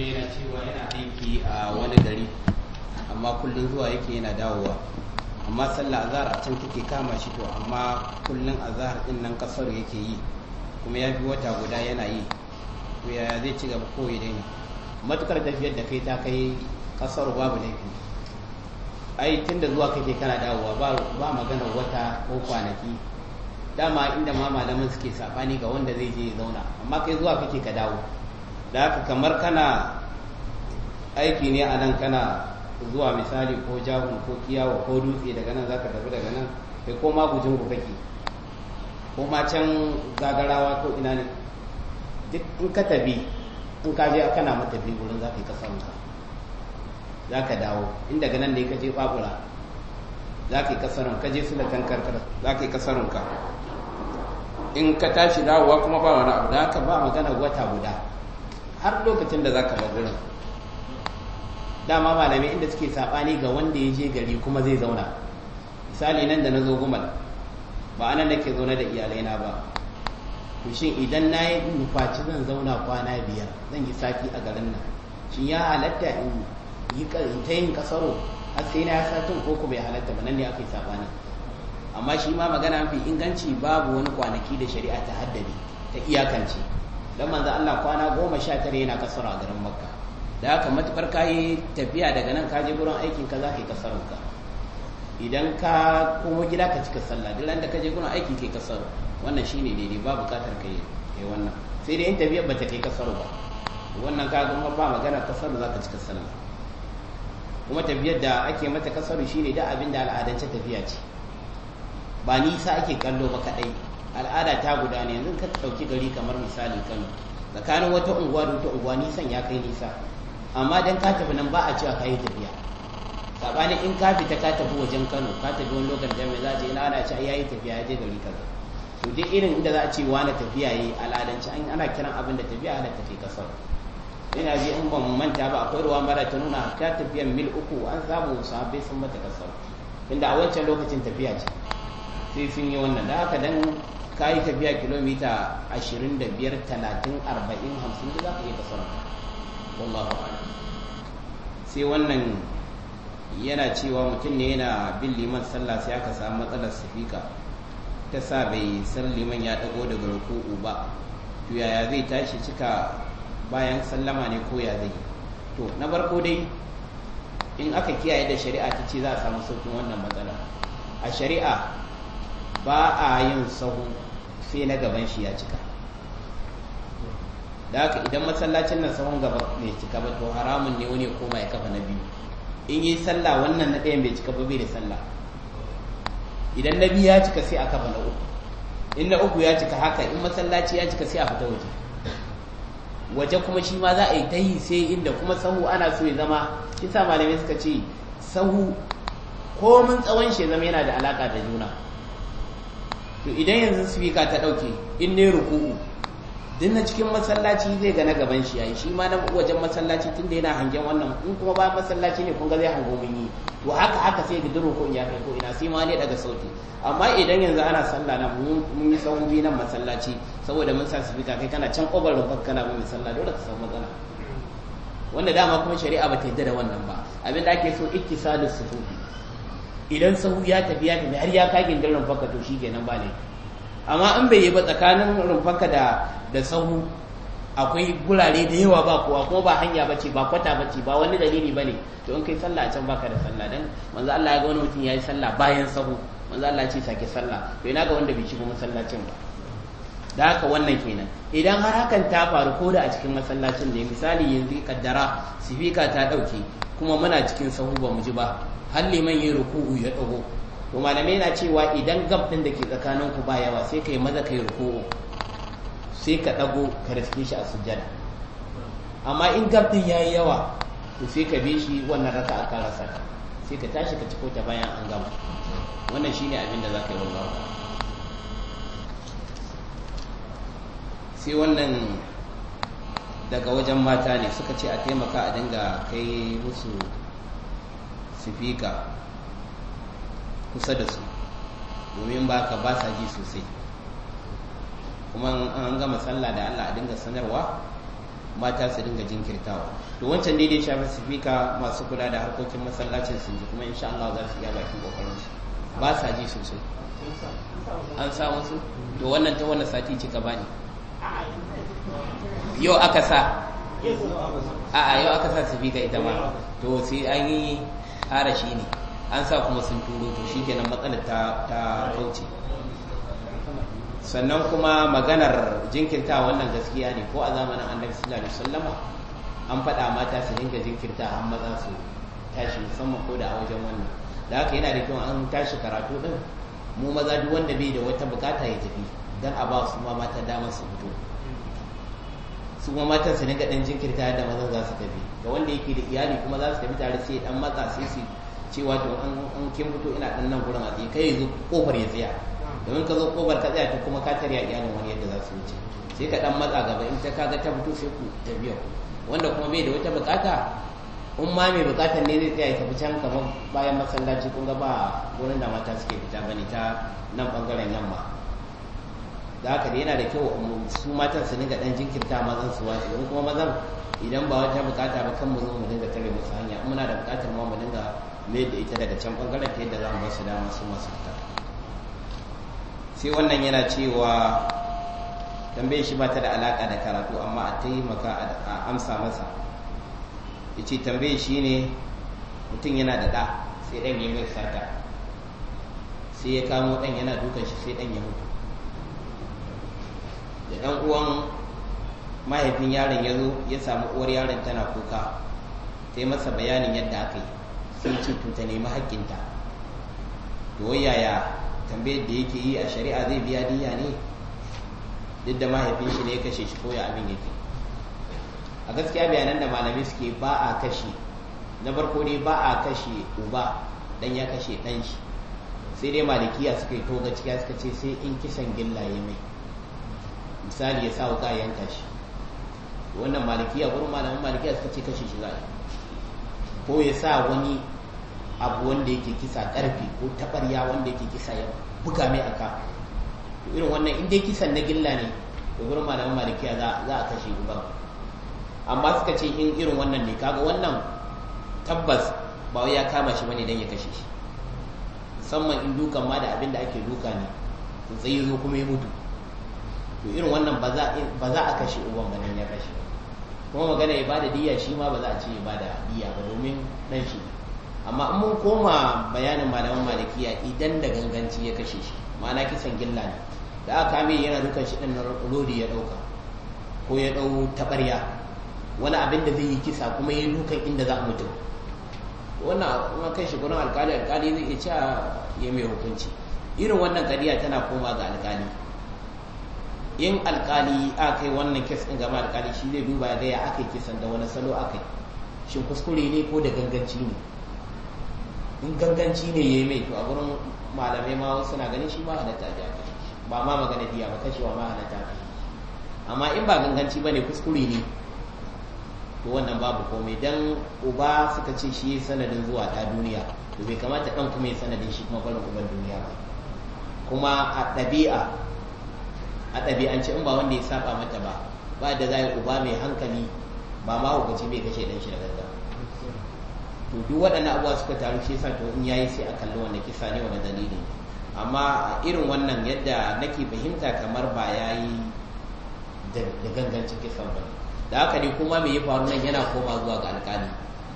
ne yana cewa yana aiki a wani gari amma kullum zuwa yake yana dawowa amma sallah zahar a can kake kama shi to amma kullum azahar din nan kasar yake yi kuma ya fi wata guda yana yi to zai ci gaba ko ya daina matukar tafiyar da kai ta kai kasar babu laifi ai tunda zuwa kake kana dawowa ba magana wata ko kwanaki dama inda ma malaman suke safani ga wanda zai je ya zauna amma kai zuwa kake ka dawo da haka kamar kana aiki ne a nan kana zuwa misali ko jahun ko kiyawa ko dutse daga nan zaka tafi daga nan kai ko ma gujin ku kake ko ma can zagarawa ko ina ne duk in ka tafi in ka je kana matafi wurin za ka yi ka za ka dawo in daga nan ne ka je babura za ka yi kasarun ka je su da tankarkar za ka yi kasarun ka in ka tashi dawowa kuma ba wani abu da ka ba magana wata guda har lokacin da za ka gurin dama malamai inda suke saɓani ga wanda ya je gari kuma zai zauna misali nan da na zo gumal ba anan nake zaune da iyalaina ba to idan na yi nufaci zan zauna kwana biyar zan yi sati a garin nan shin ya halatta in yi ta yin kasaro har sai na satin ko ku bai halatta ba nan ne aka yi saɓani amma shi ma magana mafi inganci babu wani kwanaki da shari'a ta haddade ta iyakance dan manzo Allah kwana goma sha tare yana kasara a garin makka da haka matukar ka yi tafiya daga nan ka je gurin aikin ka za ka yi ka idan ka komo gida ka cika sallah duk da ka je gurin aiki kai kasaro wannan shine daidai ba bukatar ka yi wannan sai dai in tafiyar ba ta kai kasaro ba wannan ka ga ba magana kasaro za ka cika sallah kuma tafiyar da ake mata kasaro shine da abin da al'adance tafiya ce ba nisa ake kallo ba kadai al'ada ta guda ne yanzu ka ɗauki gari kamar misali kano tsakanin wata unguwa da wata unguwa nisan ya kai nisa amma dan ka tafi nan ba a cewa ka yi tafiya sabanin in ka fita ka tafi wajen kano ka tafi wani lokacin jami'a za a ce ina ana ce ya yi tafiya ya je gari kaza to duk irin inda za a ce wani tafiya yi al'adance ana kiran abin da tafiya ana tafi kasar ina ji in ban manta ba akwai ruwa mara ta nuna ta tafiya mil uku an samu sahabbai sun mata kasar inda a wancan lokacin tafiya ce sai sun yi wannan da haka dan ka yi tafiya kilomita 25 da za ka iya kasar wallahu a'lam sai wannan yana cewa mutum ne yana bin liman sallah sai aka samu matsalar sifika ta sa bai san liman ya dago daga ruku'u ba to yaya zai tashi cika bayan sallama ne ko ya zai to na farko dai in aka kiyaye da shari'a ta ce za a samu saukin wannan matsala a shari'a ba a yin sahu sai na gaban shi ya cika da haka idan masallacin nan sahun gaba mai cika ba to haramun ne wani ya koma ya kafa na biyu in yi sallah wannan na ɗayan bai cika ba bai da sallah idan na biyu ya cika sai a kafa na uku in na uku ya cika haka in masallaci ya cika sai a fita waje waje kuma shi ma za a yi ta yi sai inda kuma sahu ana so ya zama kisa malamai suka ce sahu komin tsawon shi ya zama yana da alaka da juna to idan yanzu sifika ta ɗauke in ne ruku'u duk na cikin masallaci zai ga na gaban shi yayi shi ma na wajen masallaci tun da yana hangen wannan in kuma ba masallaci ne kun ga zai hango mun yi to haka haka sai gidan rukun ya kai ko ina sai ma ne daga sauti amma idan yanzu ana sallah na mun yi sahun biyu nan masallaci saboda mun sa sifika kai kana can kobar rufar kana mun sallah dole ka samu matsala wanda dama kuma shari'a ba ta yarda da wannan ba abin da ake so iktisalus sufufi idan sahu ya tafi ya tafi har ya kagin da rumfaka to shi kenan ba amma in bai yi ba tsakanin rumfaka da da sahu akwai gurare da yawa ba kowa ko ba hanya bace ba kwata bace ba wani dalili ba ne to in kai sallah a can baka da sallah dan manzo Allah ya ga wani mutum yi sallah bayan sahu manzo Allah ce sake sallah to ina ga wanda bai shiga masallacin ba da haka wannan kenan idan har hakan ta faru ko da a cikin masallacin ne misali yanzu kaddara sifika ta dauke kuma muna cikin sahu ba mu ji ba har liman ya ruku'u ya dago to malamai na cewa idan gab din da ke tsakanin ku ba yawa sai kai maza kai ruku'u sai ka dago ka riske shi a sujjada amma in gab din yayi yawa to sai ka bi shi wannan raka a karasa sai ka tashi ka ciko ta bayan an gama wannan shine abin da za ka yi wannan sai wannan daga wajen mata ne suka ce a taimaka a dinga kai musu sifika kusa da su domin ba ka ba sa ji sosai kuma an gama sallah da Allah a dinga sanarwa mata su dinga jinkirtawa to wancan daidai dai shafi sifika masu kula da harkokin masallacin sun ji kuma insha Allah za su iya bakin kokarin su ba sa ji sosai an sa wasu to wannan ta wannan sati cika bani yau aka sa a yau aka sa sifika ita ma to sai an yi ƙara shi ne an sa kuma sun turo to shi kenan matsalar ta kauce sannan kuma maganar jinkirta wannan gaskiya ne ko a zamanin annabi sallallahu alaihi wasallama an faɗa mata su dinga jinkirta an maza su tashi musamman ko da a wajen wannan da haka yana da kyau an tashi karatu din mu maza duk wanda bai da wata bukata ya tafi dan a ba su ma mata damar su fito su kuma matan su dinga dan jinkirta yadda mazan za su tafi ga wanda yake da iyali kuma za su tafi tare sai dan matsa sai su cewa to an kin fito ina dan nan gurin a tsaye kai yanzu kofar ya tsaya domin ka zo kofar ka tsaya to kuma ka tarya iyalin wani yadda za su wuce sai ka dan matsa gaba in ta kaga ta fito sai ku tafiya wanda kuma bai da wata bukata in ma mai bukatar ne zai tsaya ya tafi can kamar bayan masallaci kun ga ba gurin da mata suke fita bane ta nan bangaren yamma da haka da yana da kyau su matan su dinga dan jinkirta mazan su wace don kuma mazan idan ba wata bukata ba kan mu zo mu dinga kare musu hanya in muna da bukatar ma mu dinga mai da ita daga can bangaren ta yadda za mu ba su dama su masu fita sai wannan yana cewa tambayar shi ba ta da alaka da karatu amma a taimaka a amsa masa ya ce tambayar shi ne mutum yana da ɗa sai ɗan yi mai sata sai ya kamo ɗan yana dukan shi sai ɗan ya mutu da ɗan uwan mahaifin yaron ya zo ya samu uwar yaron tana kuka sai masa bayanin yadda aka yi sai ce to ta nemi haƙƙinta to yaya tambayar da yake yi a shari'a zai biya diya ne duk da mahaifin shi ne ya kashe shi koya abin yake a gaskiya bayanan da malamai suke ba a kashe na farko ne ba a kashe uba dan ya kashe dan shi sai dai malikiya suka yi toga cikin suka ce sai in kisan gillaye mai misali ya sa wuka a yanka shi wannan malikiya gurin malaman malikiya suka ce kashe shi za a ko ya sa wani abu wanda yake kisa karfe ko tabarya wanda yake kisa ya buga mai aka irin wannan inda ya kisa na gilla ne da gurin malaman malikiya za a kashe uban amma suka ce in irin wannan ne kaga wannan tabbas ba ya kama shi bane dan ya kashe shi musamman in dukan ma da abin da ake duka ne tsaye zo kuma ya mutu to irin wannan ba za a kashe uban ba ya kashe kuma magana ya bada diya shi ma ba za a ce ya bada diya ba domin dan shi amma in mun koma bayanin malaman malikiya idan da ganganci ya kashe shi ma'ana kisan gilla ne da aka kame yana dukan shi din rodi ya dauka ko ya dau tabarya wani abin da zai yi kisa kuma ya dukan inda za a mutu wannan kuma kan shi gurin alkali alkali zai iya cewa ya mai hukunci irin wannan kadiya tana koma ga alkali in alkali a kai wannan kes ɗin gama alkali shi zai duba ga ya aka yi kisan da wani salo aka yi shin kuskure ne ko da ganganci ne in ganganci ne ya yi mai to a gurin malamai ma wasu na ganin shi ma halatta ya kashe ba ma magana biya ba kashewa ma halatta ta kashe amma in ba ganganci ba ne kuskure ne to wannan babu komai dan uba suka ce shi sanadin zuwa ta duniya to bai kamata ɗan kuma ya sanadin shi kuma barin uban duniya ba kuma a ɗabi'a a ɗabi'ance in ba wanda ya saba mata ba ba da za a yi uba mai hankali ba ma hukunci bai kashe ɗan shi da gaggawa to duk waɗannan abubuwa suka taru shi yasa to in yayi sai a kalli wanda kisa ne wanda dalili amma irin wannan yadda nake fahimta kamar ba yayi da gangancin kisan ba da haka ne kuma mai ya faru nan yana koma zuwa ga alƙali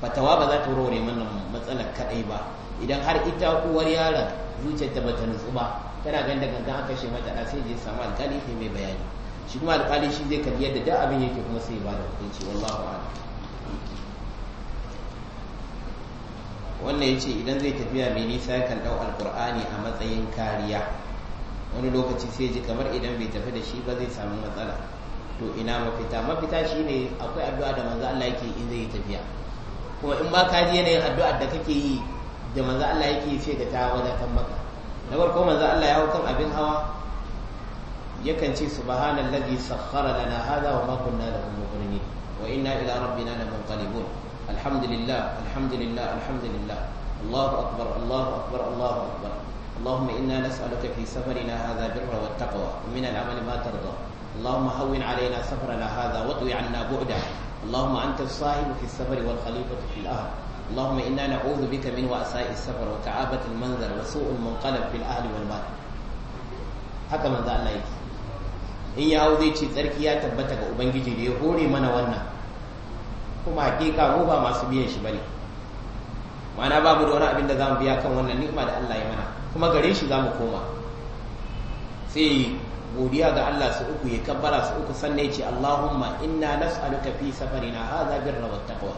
fatawa ba za ta warware mana matsalar kaɗai ba idan har ita uwar yaron zuciyarta ba ta nutsu ba tana ganin da gangan aka kashe mata sai je samu alƙali sai mai bayani shi kuma alƙali shi zai kalli yadda duk abin yake kuma sai ba da hukunci wallahu a'lam wannan yace idan zai tafiya mai nisa kan dau alqur'ani a matsayin kariya wani lokaci sai ji kamar idan bai tafi da shi ba zai samu matsala to ina mafita mafita ne akwai addu'a da manzo Allah yake in zai tafiya kuma in ba ka ji yanayin addu'a da kake yi da manzo Allah yake sai ga ta wadatar maka na farko manzo Allah ya kan abin hawa yakan ce subhanallazi sakhkhara lana hada wa ma kunna lahu muqrinin wa inna ila rabbina lamunqalibun alhamdulillah alhamdulillah alhamdulillah الله أكبر الله أكبر الله أكبر اللهم إنا نسألك في سفرنا هذا البر والتقوى ومن العمل ما ترضى اللهم هون علينا سفرنا هذا واطوي عنا بعده اللهم أنت الصاحب في السفر والخليفة في الأهل اللهم إنا نعوذ بك من وأساء السفر وكعابة المنظر وسوء المنقلب في الأهل والمال haka manzo Allah yake in ya zai ce tsarki ya tabbata ga ubangiji da ya hore mana wannan kuma hakika mu ba masu biyan shi bane ma'ana babu da wani abin da zamu biya kan wannan ni'ima da Allah ya mana kuma gare shi zamu koma sai godiya ga Allah su uku ya kabbara su uku sannan ya ce Allahumma inna nas'aluka fi safarina hadha birra wattaqwa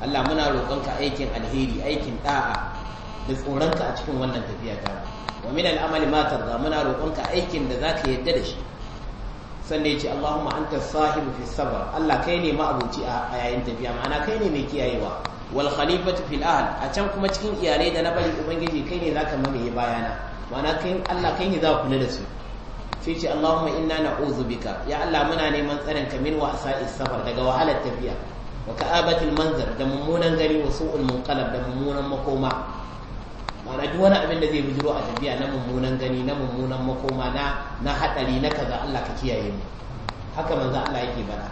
Allah muna roƙonka aikin alheri aikin da'a da tsoronka a cikin wannan tafiya ta wa min al'amali ma tarda muna roƙonka aikin da zaka yadda da shi sannan yace Allahumma anta sahibu fi sabr Allah kai ne ma'abuci a yayin tafiya ma'ana kai ne mai kiyayewa wal khalifatu fil ahl a can kuma cikin iyalai da na bari ubangiji kai ne zaka mamaye bayana ma'ana kai Allah kai ne za kula da su sai ce Allahumma inna na'udhu bika ya Allah muna neman tsarin ka min wa'sa'i safar daga wahalar tafiya wa ka'abatil manzar da mummunan gari wa su'ul munqalab da mummunan makoma ma'ana duk wani abin da zai bijiro a tafiya na mummunan gani na mummunan makoma na na hadari na kaza Allah ka kiyaye mu haka manzo Allah yake bada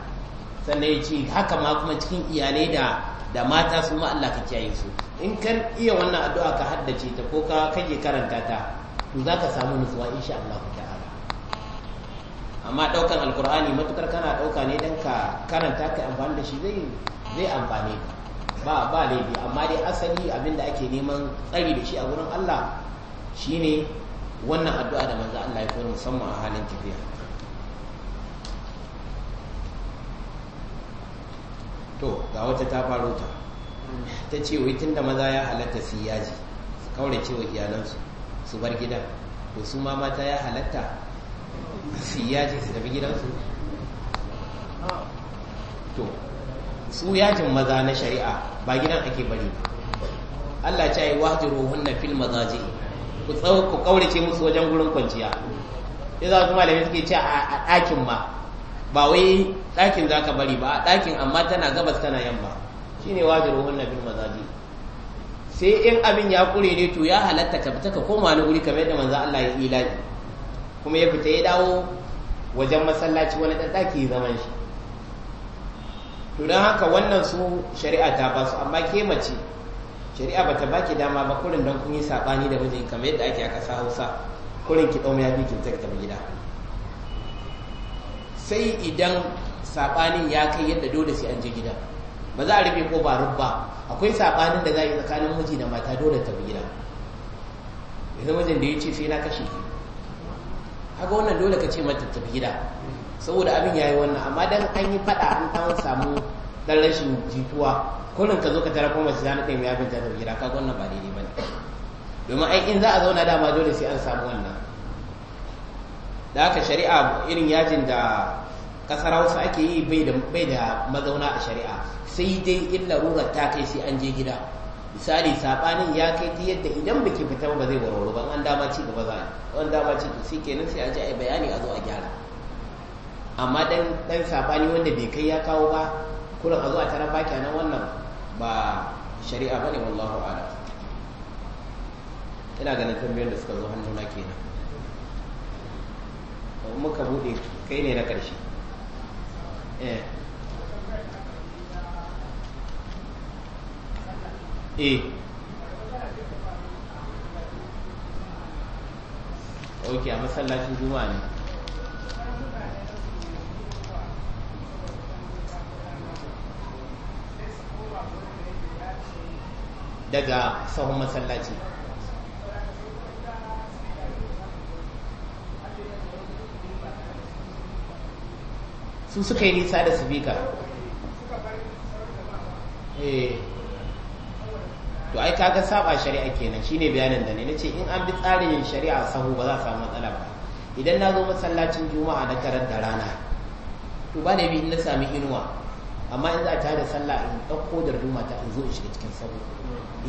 sannan ya ce haka ma kuma cikin iyalai da da mata su ma Allah ka kiyaye su in kan iya wannan addu'a ka haddace ta ko ka kake karanta ta to zaka samu nutsuwa insha Allah ta amma daukan alkur'ani matukar kana dauka ne dan ka karanta ka amfani da shi zai zai amfane ba ba laifi amma dai asali abinda ake neman tsari da shi a gurin Allah shine wannan addu'a da manzo Allah ya koyar musamman a halin tafiya to ga wata ta faro ta ta ce wai tunda maza ya halatta su yaji su kaurace wa iyalansu su bar gida to su ma mata ya halatta ya ce su tafi gidansu to su yajin maza na shari'a ba gidan ake bari ba Allah ya yi wajiru na fil mazaje. ku tsawo ku kaurace musu wajen gurin kwanciya sai za su malamai suke ce a ɗakin ma ba wai ɗakin za ka bari ba a ɗakin amma tana gabas tana yamma shine wajiru na fil mazaje. sai in abin ya kure ne to ya halatta ka fita ka koma na wuri kamar yadda manzo Allah ya ilahi kuma ya fita ya dawo wajen masallaci wani ɗan ɗaki zaman shi to don haka wannan su shari'a ta ba su amma ke mace shari'a ba ta baki dama ba kurin don kun yi saɓani da mijin kamar yadda ake a ƙasa hausa kurin ki ɗauma ya fi kin ta gida sai idan saɓanin ya kai yadda dole sai an je gida ba za a rufe ko ba rubba akwai saɓanin da za a yi tsakanin miji da mata dole ta gida yanzu mijin da ya ce sai na kashe ki kaga wannan dole ka ce mata tafi gida saboda abin ya yi wannan amma dan an yi faɗa an an samu dan rashin jituwa nan ka zo ka tara kuma zana kai ya bin ta tafi gida kaga wannan ba daidai bane domin ai in za a zauna dama dole sai an samu wannan da haka shari'a irin yajin da kasar Hausa ake yi bai da mazauna a shari'a sai dai in ruwa ta kai sai an je gida misali sabanin ya kai ta yadda idan biki fita ba zai warware ba an dama ci gaba za a an dama ci gaba shi kenan sai a ji a bayani a zo a gyara amma dan dan sabani wanda bai kai ya kawo ba kullum a zo a tarar baki nan wannan ba shari'a ba ne wallahu ala ina ganin tambayar da suka zo hannuna kenan muka bude kai ne na karshe eh. eh ok a masallacin juma'a ne daga sahun masallaci su suka yi nisa da su bika eh to ai kaga saba shari'a kenan shine bayanin da ne nace in an bi tsarin shari'a sahu ba za a samu matsala ba idan na zo masallacin juma'a na karar da rana to ba ne bi in na sami inuwa amma in za a tada sallah in ɗauko da ruma ta in zo in shiga cikin sahu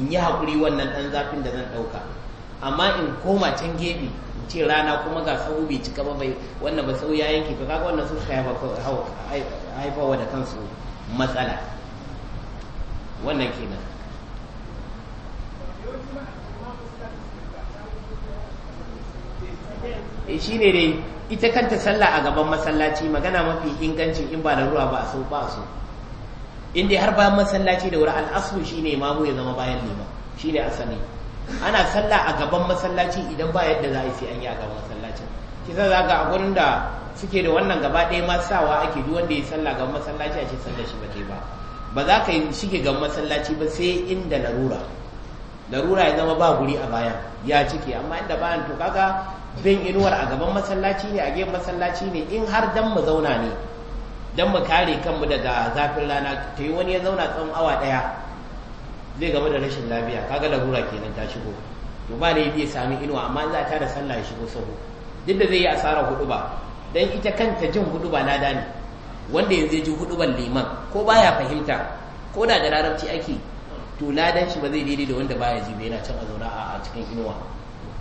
in yi haƙuri wannan ɗan zafin da zan ɗauka amma in koma can gefe ce rana kuma ga sahu bai cika ba bai wannan ba sau ya yanke to kaga wannan sun kai haifawa da kansu matsala wannan kenan e eh, shi ne dai ita kanta sallah a gaban masallaci magana mafi ingancin in ba da ruwa ba so ba so in dai har bayan masallaci da wuri al'asu shi ne imamu ya zama bayan lima shi ne asali ana sallah a gaban masallaci idan ba yadda za a yi sai an yi a gaban masallacin ki za ga a gurin da suke da wannan gaba ɗaya ma sawa ake duk wanda ya sallah gaban masallaci a ce sallar shi ba ba ba za ka yi shige gaban masallaci ba sai inda larura larura ya zama ba guri a bayan ya cike amma inda bayan to kaga bin inuwar a gaban masallaci ne a gefen masallaci ne in har dan mu zauna ne dan mu kare kanmu daga zafin rana ta yi wani ya zauna tsawon awa daya zai gaba da rashin lafiya kaga larura kenan ta shigo to ba ne sami inuwa amma za ta da sallah ya shigo sahu duk da zai yi asara hudu ba dan ita kanta jin hudu ba lada ne wanda yanzu ya ji hudu ban liman ko baya fahimta ko da da larabci ake to ladan shi ba zai daidai da wanda baya ji ba yana can a zauna a cikin inuwa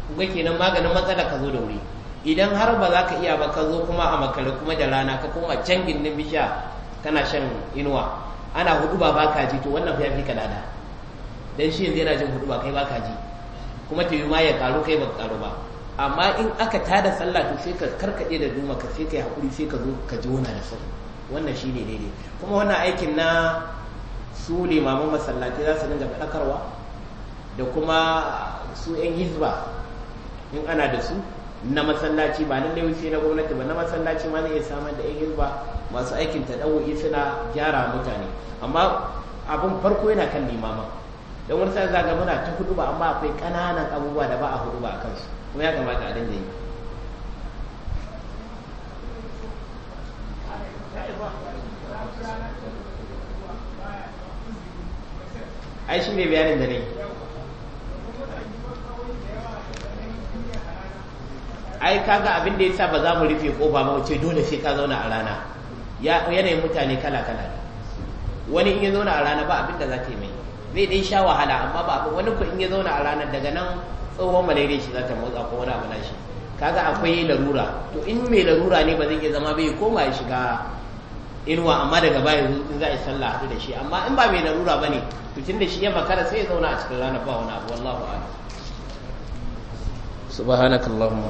kuma kenan maganin matsala ka zo da wuri idan har ba za ka iya ba ka zo kuma a makare kuma da rana ka koma can gindin bisha kana shan inuwa ana hudu ba baka ji to wannan ya fi ka lada dan shi yanzu yana jin hudu ba kai baka ji kuma ta yi ma ya karu kai ba karu ba amma in aka tada sallah to sai ka karkade da duma ka sai yi hakuri sai ka zo ka ji da sau wannan shine daidai kuma wannan aikin na su limaman masallaci za su dinga faɗakarwa da kuma su 'yan hizba in ana da su na masallaci ba na sai na gwamnati ba na masallaci ma zai iya samar da 'yan hizba masu aikin ta taɗawo'i suna gyara mutane amma abin farko yana kan limama don wani sa zaga muna ta hudu ba amma akwai ƙananan abubuwa da ba a hudu ba a kansu kuma ya kamata a dinga yi ai shi ne bayanin da ne ai kaga abin da yasa ba za mu rufe kofa ba ce dole sai ka zauna a rana yanayin mutane kala kala wani in ya zauna a rana ba abin da za ta yi mai zai dai sha wahala amma ba wani ko in ya zauna a rana daga nan tsohon malaria shi za ta motsa ko wani abu na shi kaga akwai larura to in mai larura ne ba zai iya zama bai koma ya shiga inuwa amma daga baya in za a yi sallah hadu da shi amma in ba mai larura ba ne tun da shi ya makara sai ya zauna a cikin ranar ba wani abu wallahu subhanakallahumma